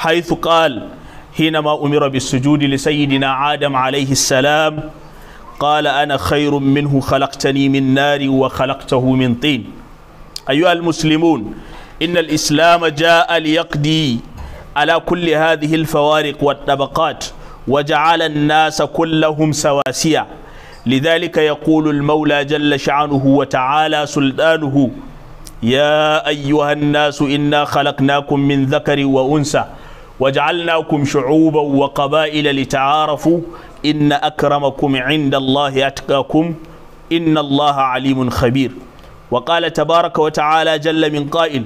حيث قال حينما أمر بالسجود لسيدنا آدم عليه السلام قال أنا خير منه خلقتني من نار وخلقته من طين أيها المسلمون إن الإسلام جاء ليقضي على كل هذه الفوارق والطبقات وجعل الناس كلهم سواسية لذلك يقول المولى جل شعنه وتعالى سلطانه يا أيها الناس إنا خلقناكم من ذكر وأنثى وجعلناكم شعوبا وقبائل لتعارفوا إن أكرمكم عند الله أتقاكم إن الله عليم خبير وقال تبارك وتعالى جل من قائل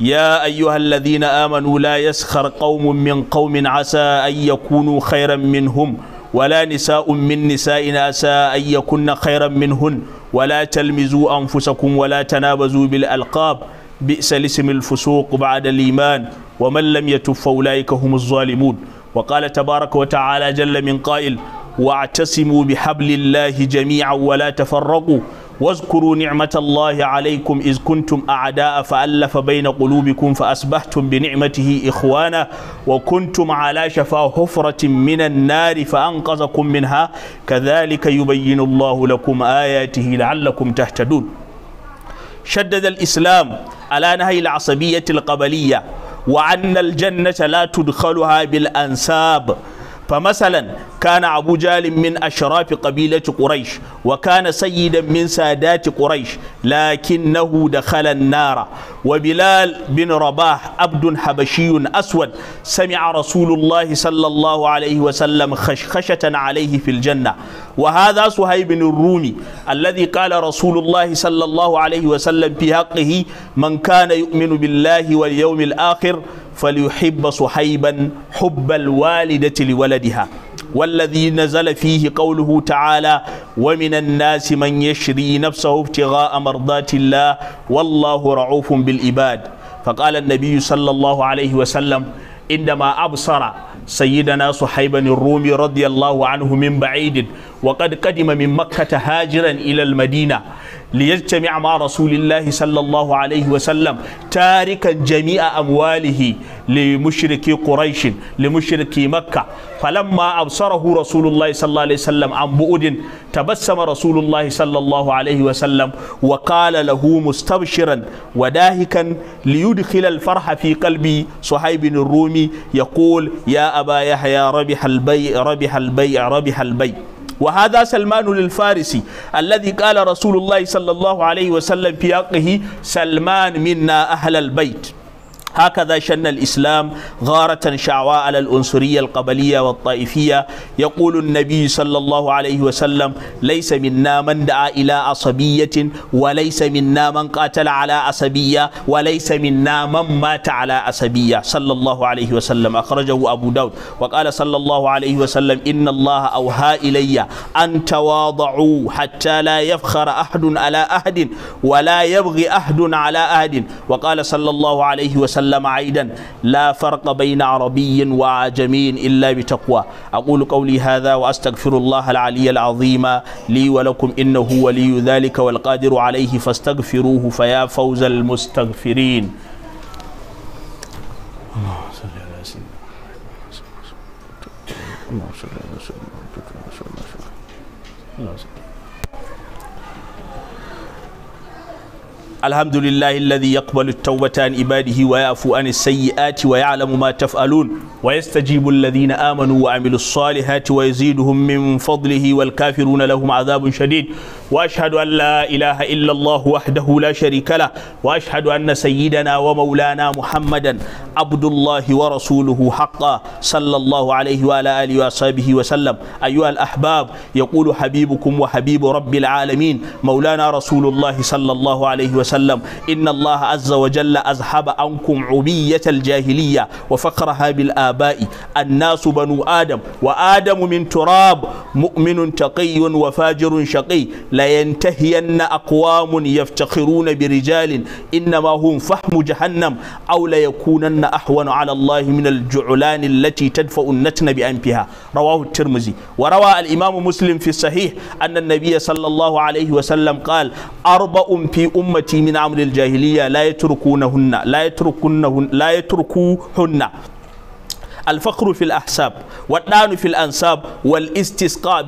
يا أيها الذين آمنوا لا يسخر قوم من قوم عسى أن يكونوا خيرا منهم ولا نساء من نساء عسى أن يكن خيرا منهن ولا تلمزوا أنفسكم ولا تنابزوا بالألقاب بئس الاسم الفسوق بعد الإيمان ومن لم يتب فأولئك هم الظالمون وقال تبارك وتعالى جل من قائل واعتصموا بحبل الله جميعا ولا تفرقوا واذكروا نعمة الله عليكم إذ كنتم أعداء فألف بين قلوبكم فأصبحتم بنعمته إخوانا وكنتم على شفا حفرة من النار فأنقذكم منها كذلك يبين الله لكم آياته لعلكم تهتدون شدد الإسلام على نهي العصبية القبلية وأن الجنة لا تدخلها بالأنساب فمثلا كان أبو جهل من أشراف قبيلة قريش وكان سيدا من سادات قريش لكنه دخل النار وبلال بن رباح عبد حبشي أسود سمع رسول الله صلى الله عليه وسلم خشخشة عليه في الجنة وهذا صهيب الرومي الذي قال رسول الله صلى الله عليه وسلم في حقه من كان يؤمن بالله واليوم الآخر فليحب صهيبا حب الوالدة لولدها والذي نزل فيه قوله تعالى ومن الناس من يشري نفسه ابتغاء مرضات الله والله رعوف بالإباد فقال النبي صلى الله عليه وسلم عندما أبصر سيدنا صحيبا الرومي رضي الله عنه من بعيد وقد قدم من مكة هاجرا إلى المدينة jami'a ma rasulillahi sallallahu alaihi wasallam tarikan jami'a amwalihi li mushriki quraish li mushriki makka falamma absarahu rasulullahi sallallahu alaihi wasallam an bu'udin tabassama rasulullahi sallallahu alaihi wasallam wa qala lahu mustabshiran wadahikan dahikan liyudkhil al farha fi qalbi suhayb bin rumi ya aba yahya rabiha al bay rabi al وهذا سلمان الفارسي الذي قال رسول الله صلى الله عليه وسلم في سلمان منا أهل البيت هكذا شن الإسلام غارة شعواء على الأنصرية القبلية والطائفية يقول النبي صلى الله عليه وسلم ليس منا من دعا إلى عصبية وليس منا من قاتل على عصبية وليس منا من مات على عصبية صلى الله عليه وسلم أخرجه أبو داود وقال صلى الله عليه وسلم إن الله أوهى إلي أن تواضعوا حتى لا يفخر أحد على أحد ولا يبغي أحد على أحد وقال صلى الله عليه وسلم وسلم عيدا لا فرق بين عربي وعجمي إلا بتقوى أقول قولي هذا وأستغفر الله العلي العظيم لي ولكم إنه ولي ذلك والقادر عليه فاستغفروه فيا فوز المستغفرين اللهم صل على سيدنا محمد اللهم اللهم اللهم صل صل على على سيدنا سيدنا محمد محمد صل على سيدنا محمد alhamdulillah alladhi yaqbalu at-tawbata an ibadihi wa yafu an as-sayyiati wa ya'lamu ma taf'alun wa yastajibu alladhina amanu wa 'amilu s-salihati wa yaziduhum min fadlihi wal kafiruna lahum azabin shadid واشهد ان لا اله الا الله وحده لا شريك له واشهد ان سيدنا ومولانا محمدا عبد الله ورسوله حقا صلى الله عليه وعلى اله وصحبه وسلم ايها الاحباب يقول حبيبكم وحبيب رب العالمين مولانا رسول الله صلى الله عليه وسلم ان الله عز وجل ازحب عنكم عبيه الجاهليه وفقرها بالاباء الناس بنو ادم وادم من تراب مؤمن تقي وفاجر شقي layan na akwamun aqwamun yaftakhiruna bi rijalin innama hum fahmu jahannam aw la yakunanna ahwanu ala Allah min al-ju'lan allati tadfa'u an bi anfiha rawahu at-Tirmidhi wa rawa al-Imam Muslim fi sahi anna an-nabiy sallallahu alayhi wa sallam qala arba'un fi ummati min amri jahiliya jahiliyya la yatrukuna la الفقر في الأحساب والدان في الأنساب والاستسقاء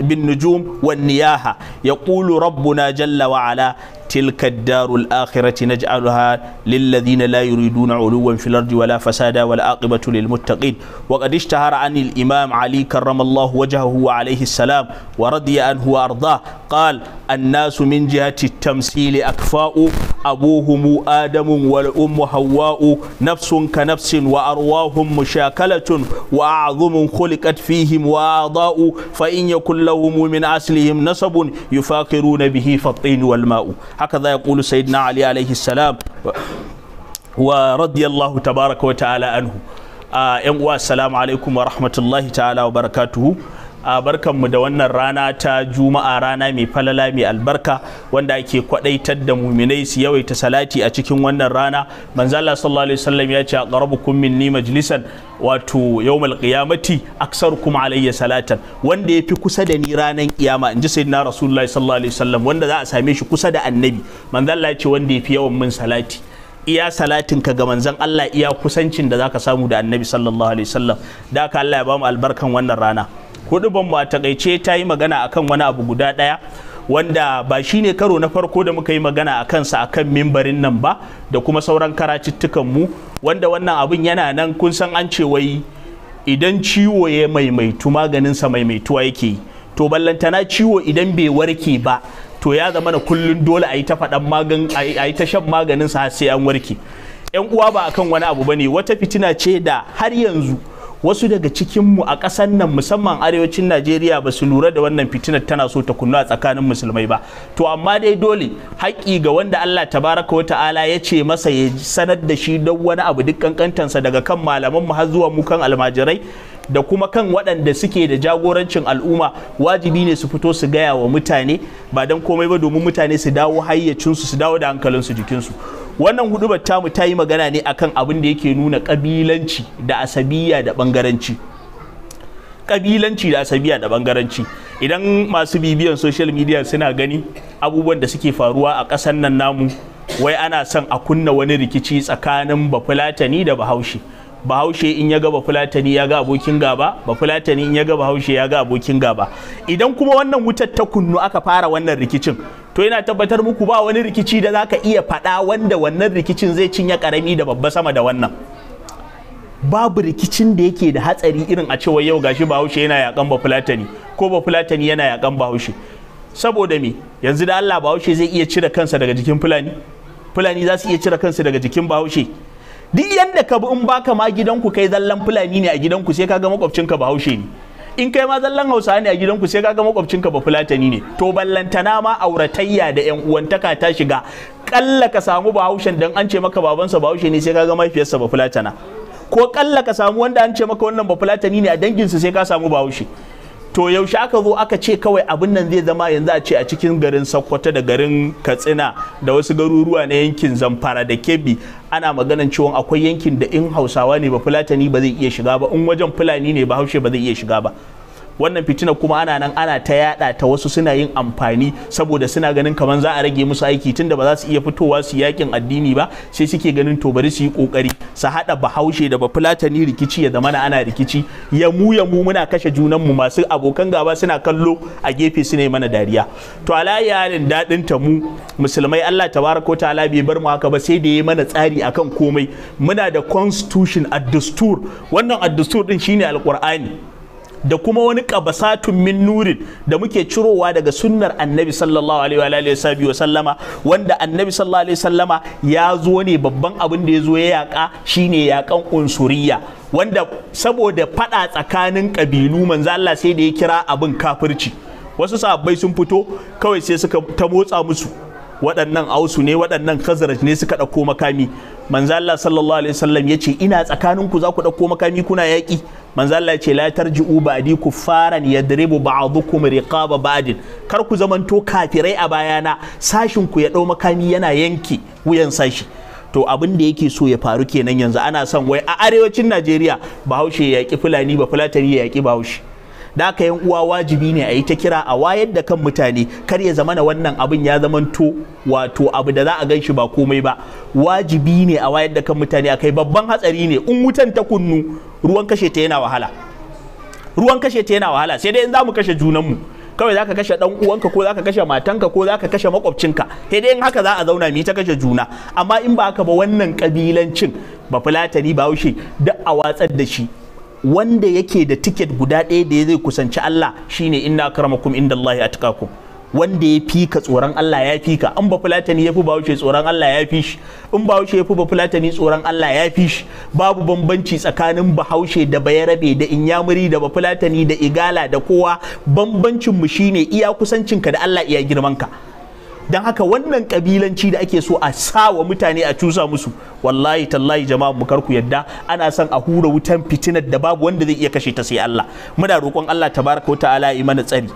بالنجوم والنياحة يقول ربنا جل وعلا تلك الدار الآخرة نجعلها للذين لا يريدون علوا في الأرض ولا فسادا والعاقبة للمتقين وقد اشتهر عن الإمام علي كرم الله وجهه عليه السلام ورضي عنه وأرضاه قال الناس من جهة التمثيل أكفاء أبوهم آدم والأم حواء نفس كنفس وأرواهم مشاكلة وأعظم خلقت فيهم وأعضاء فإن يكن لهم من أصلهم نسب يفاخرون به فالطين والماء هكذا يقول سيدنا علي عليه السلام ورضي الله تبارك وتعالى عنه آه السلام عليكم ورحمة الله تعالى وبركاته a barkanmu da wannan rana ta juma'a rana mai falala mai albarka wanda ake kwadaitar da muminai su yawaita salati a cikin wannan rana manzala sallallahu alaihi wasallam ya ce a kummin ni majlisan wato yawmal qiyamati kuma alayya salatan wanda ya fi kusa da ni ranan kiyama inji na rasulullahi sallallahu alaihi wasallam wanda za a same shi kusa da annabi manzala ya ce wanda ya fi yawan min salati iya salatin ka ga manzon Allah iya kusancin da zaka samu da annabi sallallahu alaihi wasallam da ka Allah ya bamu albarkan wannan rana huduban mu a takaice ta yi magana akan wani abu guda ɗaya wanda ba shi ne karo na farko da muka yi magana a kansa a kan mimbarin nan ba da kuma sauran karatuttukan mu wanda wannan abin yana nan kun san an ce wai idan ciwo ya maimaitu maganinsa maimaituwa yake yi to ballantana ciwo idan bai warke ba to ya zama na kullun dole a yi ta faɗan magan a shan maganinsa har sai an warke yan uwa ba akan wani abu bane wata fitina ce da har yanzu wasu daga cikinmu a ƙasar nan musamman arewacin najeriya ba su lura da wannan fitinar tana so ta kunnu a tsakanin musulmai ba to amma dai dole haƙƙi ga wanda allah tabaraka wa ta'ala ya ce masa ya sanar da shi don wani abu duk kankantansa daga kan malaman mu har zuwa mu kan almajirai da kuma kan waɗanda suke da jagorancin al'umma wajibi ne su fito su gaya wa mutane ba don komai ba domin mutane su dawo hayyacinsu su dawo da hankalinsu jikinsu wannan hudubar tamu ta yi magana ne akan abin da yake nuna kabilanci da asabiya da bangaranci kabilanci da asabiya da bangaranci idan masu bibiyan social media suna gani abubuwan da suke faruwa a ƙasan nan namu wai ana son a kunna wani rikici tsakanin bafulatani da bahaushe bahaushe in ya ga fulatani ya ga abokin gaba bafulatani in ya ga bahaushe ya ga abokin gaba idan kuma wannan wutar ta kunnu aka fara wannan rikicin to yana tabbatar muku ba wani rikici da zaka iya faɗa wanda wannan rikicin zai cinye karami da babba sama da wannan babu rikicin da yake da hatsari irin a cewa yau gashi bahaushe yana yakan fulatani ko fulatani yana yakan bahaushe saboda me yanzu da Allah bahaushe zai iya cire kansa daga jikin fulani fulani za su iya cire kansa daga jikin bahaushe duk yadda ka bi in baka ma gidanku kai zallan fulani ne a gidanku sai kaga makwabcinka bahaushe ne in kai ma zallan hausa ne a gidanku sai kaga makwabcinka ba fulatani ne to ballantana ma auratayya da yan uwantaka ta shiga kalla ka samu bahaushen dan an ce maka babansa bahaushe ne sai kaga mafiyarsa ba fulatana ko kalla ka samu wanda an ce maka wannan ba fulatani ne a danginsa sai ka samu bahaushe to yaushe aka zo aka ce kawai abin nan zai zama yanzu a ce a cikin garin sokoto da garin katsina da wasu garuruwa na yankin zamfara da kebbi ana maganan cewa akwai yankin da in hausawa ne ba fulatani ba zai iya shiga ba in wajen fulani ne ba haushe ba zai iya shiga ba wannan fitina kuma ana nan ana ta yada ta wasu suna yin amfani saboda suna ganin kamar za a rage musu aiki tunda ba za su iya fitowa su yakin addini ba sai suke ganin to bari su yi kokari su hada bahaushe da ba bafulatani rikici ya zamana ana rikici ya mu ya mu muna kashe junan mu masu abokan gaba suna kallo a gefe suna ne mana dariya to ala halin dadin ta mu musulmai Allah tabaraka ta'ala bai bar mu haka ba sai da ya mana tsari akan komai muna da constitution ad wannan ad-dastur din shine alqur'ani da kuma wani kabasatun min nurin da muke cirowa daga sunnar annabi sallallahu alaihi wa sallama wanda annabi sallallahu alaihi sallama ya zo ne babban abin da ya zo ya yaka shine yakan unsuriya wanda saboda fada tsakanin kabilu manzo Allah sai da ya kira abin kafirci wasu sahabbai sun fito kawai sai suka ta motsa musu waɗannan ausu ne waɗannan khazraj ne suka ɗauko makami manzo Allah sallallahu alaihi wasallam yace ina tsakaninku za ku ɗauko makami kuna yaƙi manzo Allah ya ce la tarji'u ba'di kuffaran yadribu ba'dukum riqaba ba'din kar ku zamanto kafirai a bayana sashin ku ya dau makami yana yanki wuyan sashi to abin da yake so ya faru kenan yanzu ana son wai a arewacin Najeriya Bahaushe ya yaki Fulani ba Fulatani ya yaki Bahaushe da aka yan uwa wajibi ne a yi ta kira a wayar da kan mutane kar ya zamana wannan abin ya zamanto wato abu da za a gan shi ba komai ba wajibi ne a wayar da kan mutane akai babban hatsari ne in wutan ta kunnu ruwan kashe ta yana wahala ruwan kashe ta yana wahala sai dai in zamu kashe kashe junanmu kawai zaka kashe dan uwanka ko zaka kashe matanka ko zaka kashe makwabcinka sai dai in haka za a zauna mu ta kashe juna amma in ba haka ba wannan kabilancin ba fulatani ba haushe duk a watsar da shi wanda yake da tiket guda ɗaya da ya zai kusanci Allah shine inna akramakum indallahi ku wanda ya fi ka tsoron Allah ya fi ka in ba fulatani ya fi wuce tsoron Allah ya fi shi in bahaushe ya fi ba fulatani tsoron Allah ya fi shi babu bambanci tsakanin bahaushe da bayarabe da inyamuri da ba fulatani da igala da kowa bambancinmu mu shine iya kusancinka da Allah iya girmanka. ka don haka wannan kabilanci da ake so a sa wa mutane a cusa musu wallahi tallahi jama'a mu karku yadda ana son a hura wutan fitinar da babu wanda zai iya kashe ta sai Allah muna roƙon Allah tabaraka wa ta'ala ya mana tsari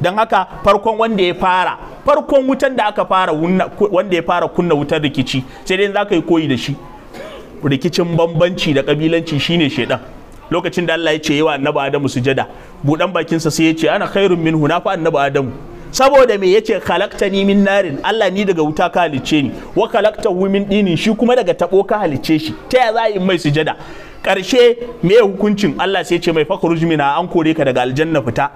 don haka farkon wanda ya fara farkon wutan da aka fara wanda ya fara kunna wutar rikici sai dai za ka yi koyi da shi rikicin bambanci da kabilanci shine shedan lokacin da Allah ya ce yawa annabi Adamu sujada budan bakinsa sai ya ce ana khairun minhu na fa annabi Adamu saboda me yace ni min narin Allah ni daga wuta ka halicce ni wa hu min dinin shi kuma daga tabo ka halicce shi ta ya za a yi mai sujada karshe me hukuncin Allah sai ce mai fakhruj mina an kore ka daga aljanna fita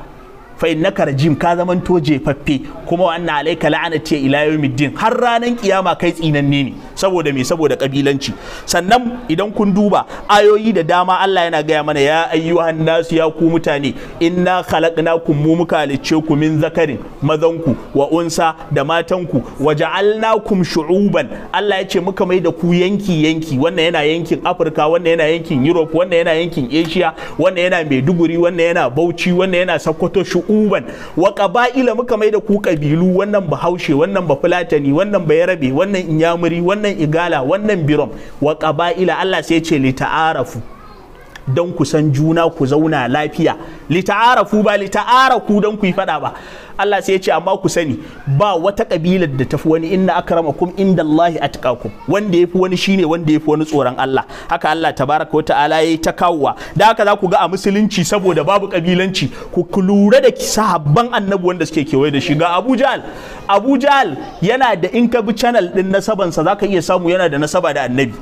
fa innaka rajim ka zaman to jefaffe kuma wa alaika alayka la'anati ila yawmiddin har ranan kiyama kai tsinanne ne saboda me saboda kabilanci sannan idan kun duba ayoyi da dama Allah yana gaya mana ya ayyuhan nasu ya ku mutane inna khalaqnakum mu muka halicce ku min zakarin mazanku wa unsa da matanku wa ja'alnakum shu'uban Allah ya ce muka mai da ku yanki yanki wannan yana yankin Afirka wannan yana yankin Europe wannan yana yankin Asia wannan yana Maiduguri wannan yana Bauchi wannan yana Sokoto shu'uban wa qaba'ila muka mai da ku kabilu wannan Bahaushe wannan Bafulatani wannan Bayarabe wannan Inyamuri wannan wannan igala wannan birom wa ƙaba'ila Allah sai ce li ta'arafu don ku san juna ku zauna lafiya lita'arafu ba lita'araku don ku yi fada ba Allah sai ya ce amma ku sani ba wata kabilar da tafi wani inna akramakum indallahi atqakum wanda yafi wani shine wanda fi wani tsoron Allah haka Allah tabaraka ta'ala yayi ta kawwa da haka za ku ga a musulunci saboda babu kabilanci ku lura da sahabban annabi wanda suke kewaye da shi ga Abu Jahl Abu Jahl yana da in ka bi channel din nasabansa zaka iya samu yana da nasaba da annabi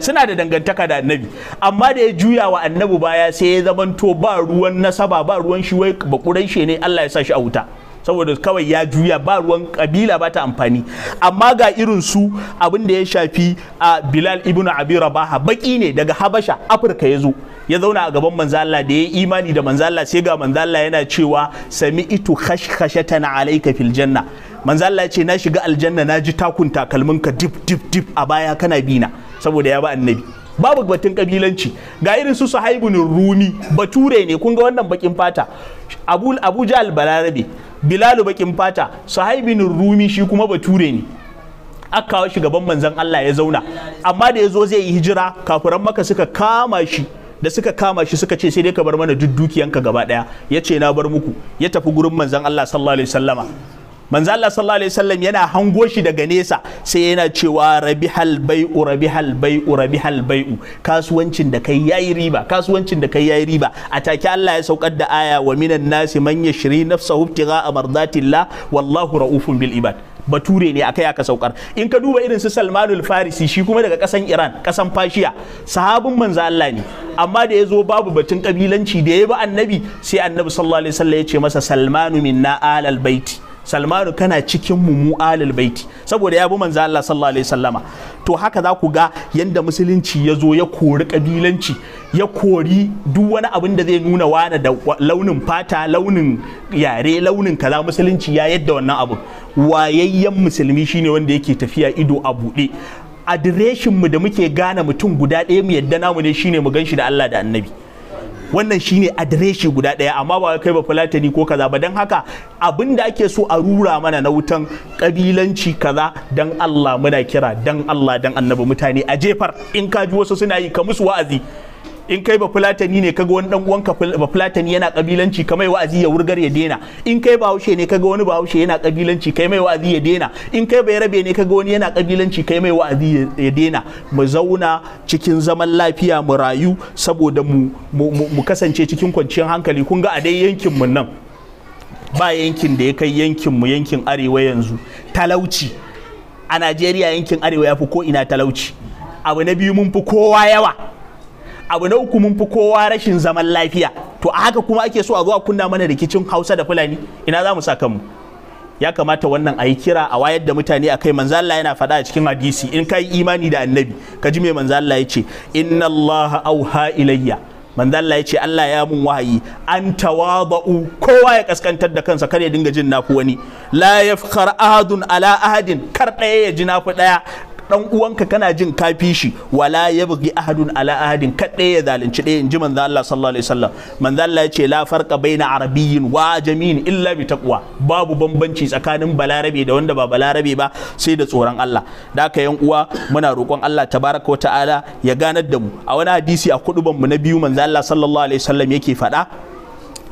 suna da dangantaka da annabi amma da ya juya wa annabi baya sai ya zamanto ba ruwan nasaba ba ruwan shi wai bakurai shi ne Allah ya sa shi a wuta saboda kawai ya juya ba ruwan kabila ba ta amfani amma ga irin su abin da ya shafi a Bilal ibn Abi Rabaha baki ne daga Habasha Afirka ya zo ya zauna a gaban manzo Allah da ya yi imani da manzo Allah sai ga manzo Allah yana cewa sami itu khashkhashatan alayka fil janna manzo Allah ya ce na shiga aljanna na ji takun takalminka dip dip dip a baya kana bina saboda ya ba annabi babu batun kabilanci ga irin su sahaibun rumi bature ne kun ga wannan bakin fata abu al jahal bilalu bakin fata sahaibun rumi shi kuma bature ne a kawo shi gaban manzon Allah ya zauna amma da ya zo zai yi hijira kafiran maka suka kama shi da suka kama shi suka ce sai dai ka bar mana duk dukiyanka gaba daya ya ce na bar muku ya tafi gurin manzan Allah sallallahu alaihi wasallama manzo Allah sallallahu alaihi wasallam yana hango shi daga nesa sai yana cewa rabihal bai'u rabihal bai'u rabihal bai'u kasuwancin da kai yayi riba kasuwancin da kai yayi riba a take Allah ya saukar da aya wa minan nasi man yashri nafsahu ibtigha'a mardatillah wallahu raufun bil ibad bature ne akai aka saukar in ka duba irin su Salmanul Farisi shi kuma daga kasan Iran kasan Fashiya sahabin manzo Allah ne amma da ya zo babu batun kabilanci da ya bi annabi sai annabi sallallahu alaihi wasallam ya ce masa Salmanu minna alal baiti salmanu kana cikin mu alal baiti saboda ya bi manzo Allah sallallahu alaihi wasallama to haka za ku ga yanda musulunci ya zo ya kori kabilanci ya kori duk wani abin da zai nuna wani da launin fata launin yare launin kaza musulunci ya yadda wannan abu wayayyen musulmi shine wanda yake tafiya ido a buɗe adireshin mu da muke gane mutum guda ɗaya mu yadda namu ne shine mu gan da Allah da annabi wannan shine adireshi guda ɗaya amma ba kai ba fulatani ko kaza ba don haka abin da ake so a rura mana na wutan kabilanci kaza don Allah muna kira don Allah don annabi mutane a jefar in kaji wasu suna yi ka musu wa'azi in kai ba fulatani ne kaga wani dan uwanka ba fulatani yana kabilanci ka mai wa'azi ya wurgar ya dena in kai haushe ne kaga wani ba haushe yana kabilanci kai mai wa'azi ya dena in kai bayarabe ne kaga wani yana kabilanci kai mai wa'azi ya dena mu zauna cikin zaman lafiya mu rayu saboda mu mu kasance cikin kwanciyar hankali kun ga a dai yankin mu nan ba yankin da ya kai yankin mu yankin arewa yanzu talauci a Najeriya yankin arewa ya fi ko ina talauci abu na biyu mun fi kowa yawa abu na uku mun fi kowa rashin zaman lafiya to a haka kuma ake so a zuwa kunna mana rikicin hausa da fulani ina za mu sa kanmu ya kamata wannan a yi kira a wayar da mutane a kai Allah yana faɗa a cikin hadisi in ka imani da annabi ka ji mai Allah ya ce inna Allah auha ilayya Allah ya ce Allah ya mun wahayi an tawada'u kowa ya kaskantar da kansa kar ya dinga jin nafi wani la yafkhar ahadun ala ahadin kar ɗaya ya ji nafi ɗaya dan uwanka kana jin kafi shi wala yabghi ahadun ala ahadin kadai ya zalunci ɗaya inji manzo Allah sallallahu alaihi wasallam manzo Allah ya ce la farqa baina arabiyyin wa jamin illa bi taqwa babu bambanci tsakanin balarabe da wanda ba balarabe ba sai da tsoron Allah da haka yan uwa muna roƙon Allah tabaraka ta'ala ya ganar da mu a wani hadisi a kuduban mu na biyu manzo Allah sallallahu alaihi wasallam yake faɗa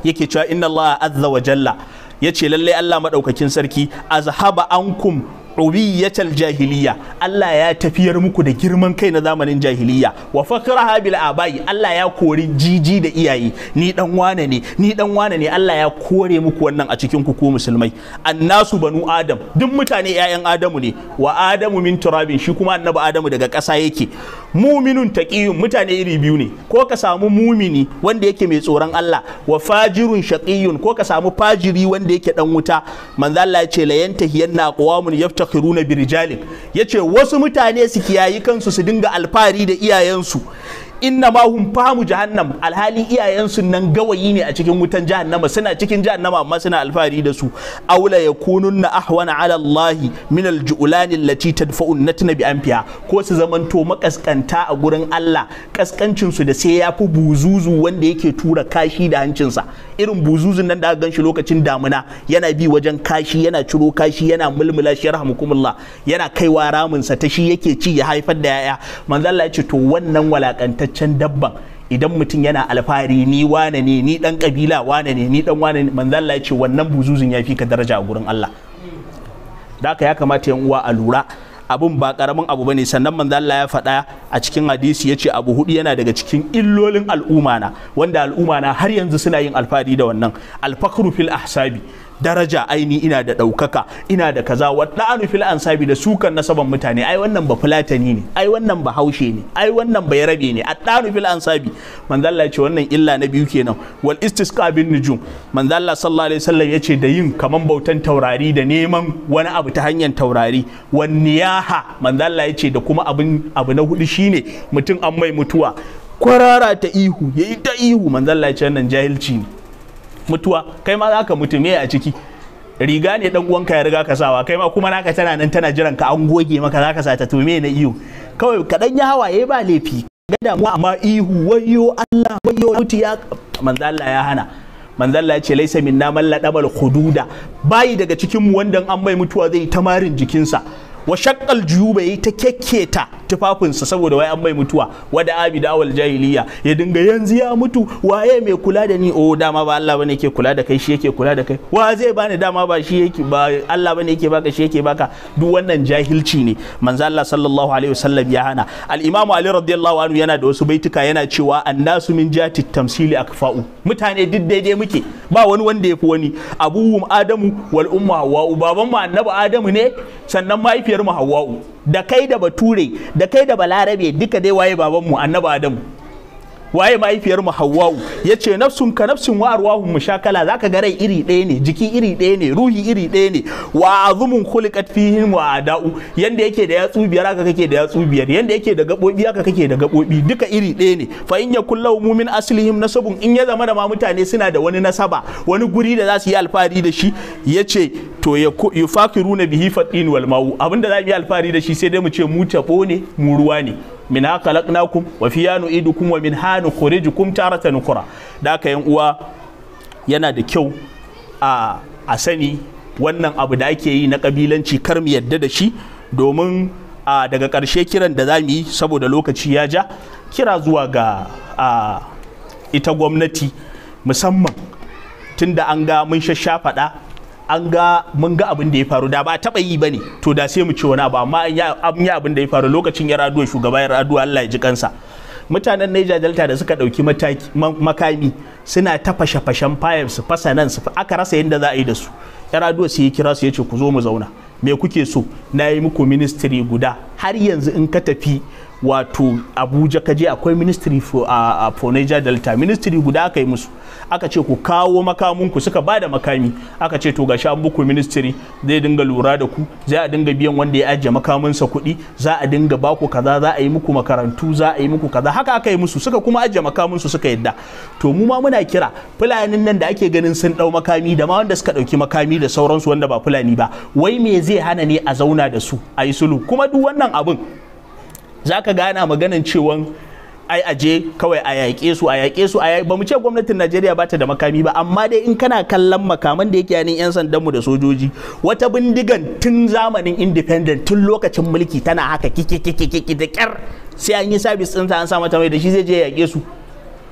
yake cewa inna Allah azza wa jalla lallai Allah maɗaukakin sarki azhaba ankum ubiyatal jahiliya Allah ya tafiyar muku da girman kai na zamanin jahiliya wa fakraha bil abai Allah ya kori jiji da iyaye ni dan wane ne ni dan wane ne Allah ya kore muku wannan a cikin ku ku musulmai annasu banu adam duk mutane 'ya'yan adamu ne wa adamu min turabin shi kuma annabi adamu daga ƙasa yake muminun taqiyun mutane iri biyu ne ko ka samu mumini wanda yake mai tsoron Allah wa fajirun shaqiyun ko ka samu fajiri wanda yake dan wuta manzo Allah ya ce la yantahiyanna aqwamun yaftakhiruna birijalin yace wasu mutane su kiyayi kansu su dinga alfari da iyayensu inna ma hun famu jahannam alhali iyayensu nan gawayi ne a cikin wutan jahannama suna cikin jahannama amma suna alfahari da su aula yakununna ahwana ala allahi min aljulani allati tadfa'u natna bi ko su zamanto makaskanta a gurin Allah kaskancin su da sai yafi buzuzu wanda yake tura kashi da hancinsa irin buzuzun nan da aka ganshi lokacin damuna yana bi wajen kashi yana ciro kashi yana mulmula shi rahmukumullah yana kaiwa raminsa ta shi yake ci ya haifar da yaya manzo Allah ya ce to wannan walakantaccen dabban idan mutum yana alfahari ni wane ne ni dan kabila wane ne ni dan wane ne manzo Allah ya ce wannan buzuzun ya fi ka daraja a gurin Allah da haka ya kamata yan uwa a lura abun ba karamin abu bane sannan manzo Allah ya faɗa a cikin hadisi yace abu hudu yana daga cikin illolin al'umma na wanda al'umma na har yanzu suna yin alfahari da wannan alfakru fil ahsabi daraja aini ina da ɗaukaka ina da kaza wa fil ansabi da sukan nasaban mutane ai wannan ba fulatani ne ai wannan ba haushe ne ai wannan ba yarabe ne a ɗa'anu fil ansabi manzalla ce wannan illa na biyu kenan wal istisqa bin nujum manzalla sallallahu alaihi wasallam ce da yin kaman bautan taurari da neman wani abu ta hanyar taurari wan niyaha manzalla yace da kuma abin abu na hudu shine mutum an mai mutuwa kwarara ta ihu yayi ta ihu manzalla ce wannan jahilci ne mutuwa kai ma za ka mutu me a ciki riga ne dan uwanka ya riga ka sawa kai ma kuma naka tana nan tana jiran ka an goge maka zaka sata to me na iyo kawai kadan ya hawaye ba laifi ga damuwa amma ihu wayo Allah wayo mutu ya manzo Allah ya hana manzo Allah ya ce laisa minna man la hududa bayi daga cikin mu wanda an mai mutuwa zai tamarin jikinsa wa shakkal juyuba yayi ta kekketa tufafinsa saboda wai an bai mutuwa wada abi da awal jahiliya ya dinga yanzu ya mutu waye mai kula da ni oh dama ba Allah bane yake kula da kai shi yake kula da kai wa zai bani dama ba shi yake ba Allah bane yake baka shi yake baka duk wannan jahilci ne manzo Allah sallallahu alaihi wasallam ya hana al-imamu Ali radiyallahu anhu yana da wasu baituka yana cewa annasu min jati tamsili akfa'u mutane duk daidai muke ba wani wanda yafi wani abuhum adamu wal umma wa annabi adamu ne sannan mahaifiyar mu Hawwa'u da kai da Bature da kai da Balarabe duka dai waye babanmu Annabi Adamu waye mahaifiyar mu hawwa'u yace nafsun ka nafsin wa arwahu mushakala zaka ga rai iri ɗaya ne jiki iri ɗaya ne ruhi iri ɗaya ne wa azumun khuliqat fihim wa ada'u yanda yake da yatsu biyar aka kake da yatsu biyar yanda yake da gabobi aka kake da gabobi duka iri ɗaya ne fa in yakul lahu mumin aslihim nasabun in ya zama da ma mutane suna da wani nasaba wani guri da za su yi alfahari da shi yace to yufakiruna bihi fatin wal ma'u abinda za mu yi alfahari da shi sai dai mu ce mu tabo ne mu ruwa ne min haka khalaqnakum wa fiha nu'idukum wa min hanu khurijukum taratan ukhra da ka yan uwa yana da kyau a a sani wannan abu da ake yi na kabilanci kar mu yadda da shi domin a daga ƙarshe kiran da za mu yi saboda lokaci ya ja kira zuwa ga a ita gwamnati musamman tunda an ga mun faɗa. an ga mun ga abin da ya faru da ba a taba yi bane to da sai mu ci wani abu amma an yi abin da ya faru lokacin ya raduwa shugaba ya raduwa Allah ya ji kansa mutanen neja Delta da suka dauki mataki makami suna ta fashe-fashen fayar su fasa nan su aka rasa yadda za a yi da su ya raduwa sai ya kira su ya ce ku zo mu zauna me kuke so na yi muku ministry guda har yanzu in ka tafi wato abuja kaje akwai ministry for, uh, for niger delta ministry guda aka yi musu aka ce ku kawo makamunku suka ba da makami aka ce to ga sha muku ministry zai dinga lura da ku zai a dinga biyan wanda ya ajiye makaminsa kuɗi za a dinga baku kaza za a yi muku makarantu za a yi muku kaza haka aka yi musu suka kuma ajiye makaminsu suka yadda to mu ma muna kira fulanin nan da ake ganin sun dau makami da ma wanda suka dauki makami da sauransu wanda ba fulani ba wai me zai hana ne a zauna da su a yi sulu kuma duk wannan abin za ka gana maganin cewan ai aje kawai a yaƙe su a yaƙe su a ba mu ce gwamnatin Najeriya ba ta da makami ba amma dai in kana kallon makaman da yake yanin yan sandan mu da sojoji wata bindigan tun zamanin independent tun lokacin mulki tana haka kike kike kike da kyar sai an yi service din an sa mata mai da shi zai je yaƙe su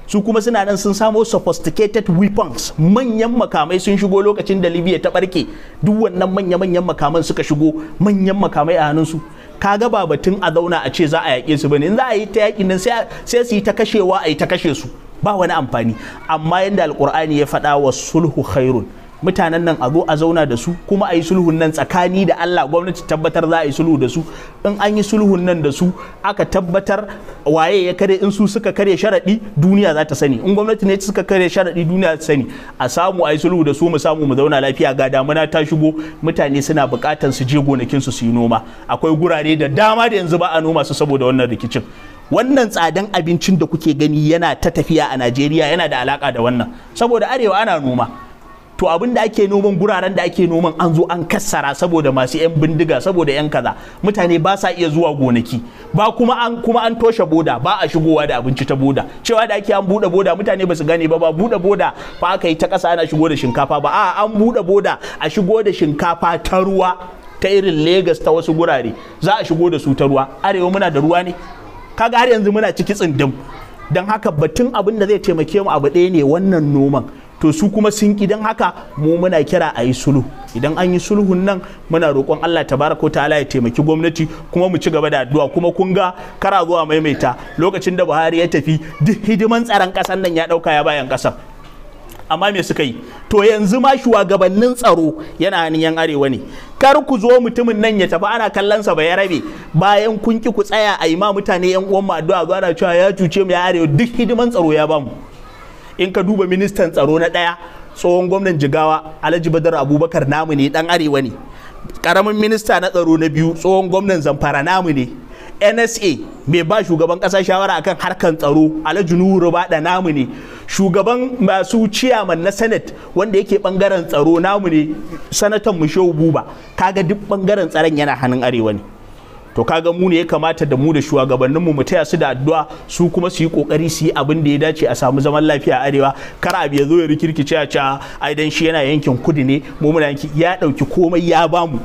su kuma suna nan sun samo sophisticated weapons manyan makamai sun shigo lokacin da libya ta barke duk wannan manya-manyan makaman suka shigo manyan makamai a hannun su ka ga ba batun a zauna a ce za a yaƙe su bane in za a yi ta yaƙin nan sai su yi ta kashewa a yi ta kashe su ba wani amfani amma yadda alƙur'ani ya faɗa wa sulhu khairun mutanen nan a zo a zauna da su kuma a yi sulhun nan tsakani da Allah gwamnati tabbatar za a yi sulhu da su in an yi sulhun nan da su aka tabbatar waye ya kare in su suka kare sharadi duniya za ta sani in gwamnati ne suka kare sharadi duniya ta sani a samu a yi sulhu da su mu samu mu zauna lafiya ga damuna ta shigo mutane suna bukatan su je gonakin su su yi noma akwai gurare da dama da yanzu ba a noma su saboda wannan rikicin wannan tsadan abincin da kuke gani yana ta tafiya a Najeriya yana da alaka da wannan saboda arewa ana noma to abin da ake noman guraren da ake noman an zo an kassara saboda masu 'yan bindiga saboda 'yan kaza mutane ba sa iya zuwa gonaki ba kuma an kuma an toshe boda ba a shigowa da abinci ta boda cewa da ake an bude boda mutane ba su gane ba ba bude boda fa aka yi ta kasa ana shigo da shinkafa ba a an bude boda a shigo da shinkafa ta ruwa ta irin Legas ta wasu gurare za a shigo da su ta ruwa arewa muna da ruwa ne kaga har yanzu muna ciki tsindim dan haka batun abin da zai taimake mu abu ɗaya ne wannan noman to su kuma sun ki haka mu muna kira a yi sulhu idan an yi sulhun nan muna roƙon Allah ta baraka ta ya taimaki gwamnati kuma mu ci gaba da addu'a kuma kun ga kara zuwa maimaita lokacin da Buhari ya tafi duk hidiman tsaron ƙasar nan ya ɗauka ya bayan ƙasar amma me suka yi to yanzu ma shugabannin tsaro yana hannun arewa ne kar ku zo mutumin nan ya tafi ana kallon sa ya rabe bayan kun ki ku tsaya a yi ma mutane yan uwan mu addu'a zuwa cewa ya cuce mu ya arewa duk hidiman tsaro ya bamu in ka duba ministan tsaro na ɗaya tsohon gwamnan jigawa alhaji badar abubakar namu ne dan arewa ne karamin minista na tsaro na biyu tsohon gwamnan zamfara namu ne nsa mai ba shugaban kasa shawara akan harkan tsaro alhaji nuhu da namu ne shugaban masu ciyaman na senate wanda yake bangaren tsaro namu ne sanatan mushehu buba kaga duk bangaren tsaron yana hannun arewa ne to kaga mu ne ya kamata da mu da shugabannin mu taya su da addu'a su kuma su yi kokari su yi abin da ya dace a samu zaman lafiya a arewa kar abu ya zo ya rikirkice a ca ai dan shi yana yankin kudi ne mu muna yanki ya dauki komai ya bamu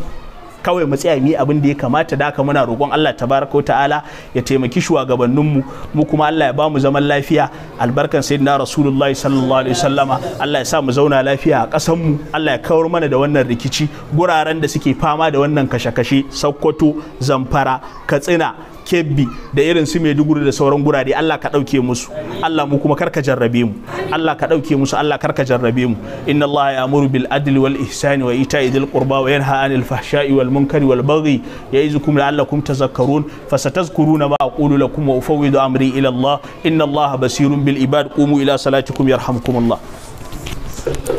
kawai mu tsaya mu abin da ya kamata da haka muna roƙon Allah tabaraka ta'ala ya taimaki shugabannin mu mu kuma Allah ya ba mu zaman lafiya albarkan sayyidina rasulullahi sallallahu alaihi wasallama Allah ya sa mu zauna lafiya a ƙasar mu Allah ya kawar mana da wannan rikici guraren da suke fama da wannan kashe-kashe Sokoto Zamfara Katsina kebbi da irin su maiduguri da sauran gurare allah ka dauke musu allah mu kuma karka jarrabe mu allah ka ɗauke musu allah karka jarrabe mu inna allah ya amuru bil adli wal ihsani wa ita'i dhil qurba wa yanha anil fahsha'i wal munkari wal baghi ya'izukum la'allakum tazakkarun fasatazkuruna ma aqulu lakum wa ufawwidu amri ila allah inna allah basirun bil ibad qumu ila salatikum yarhamkum allah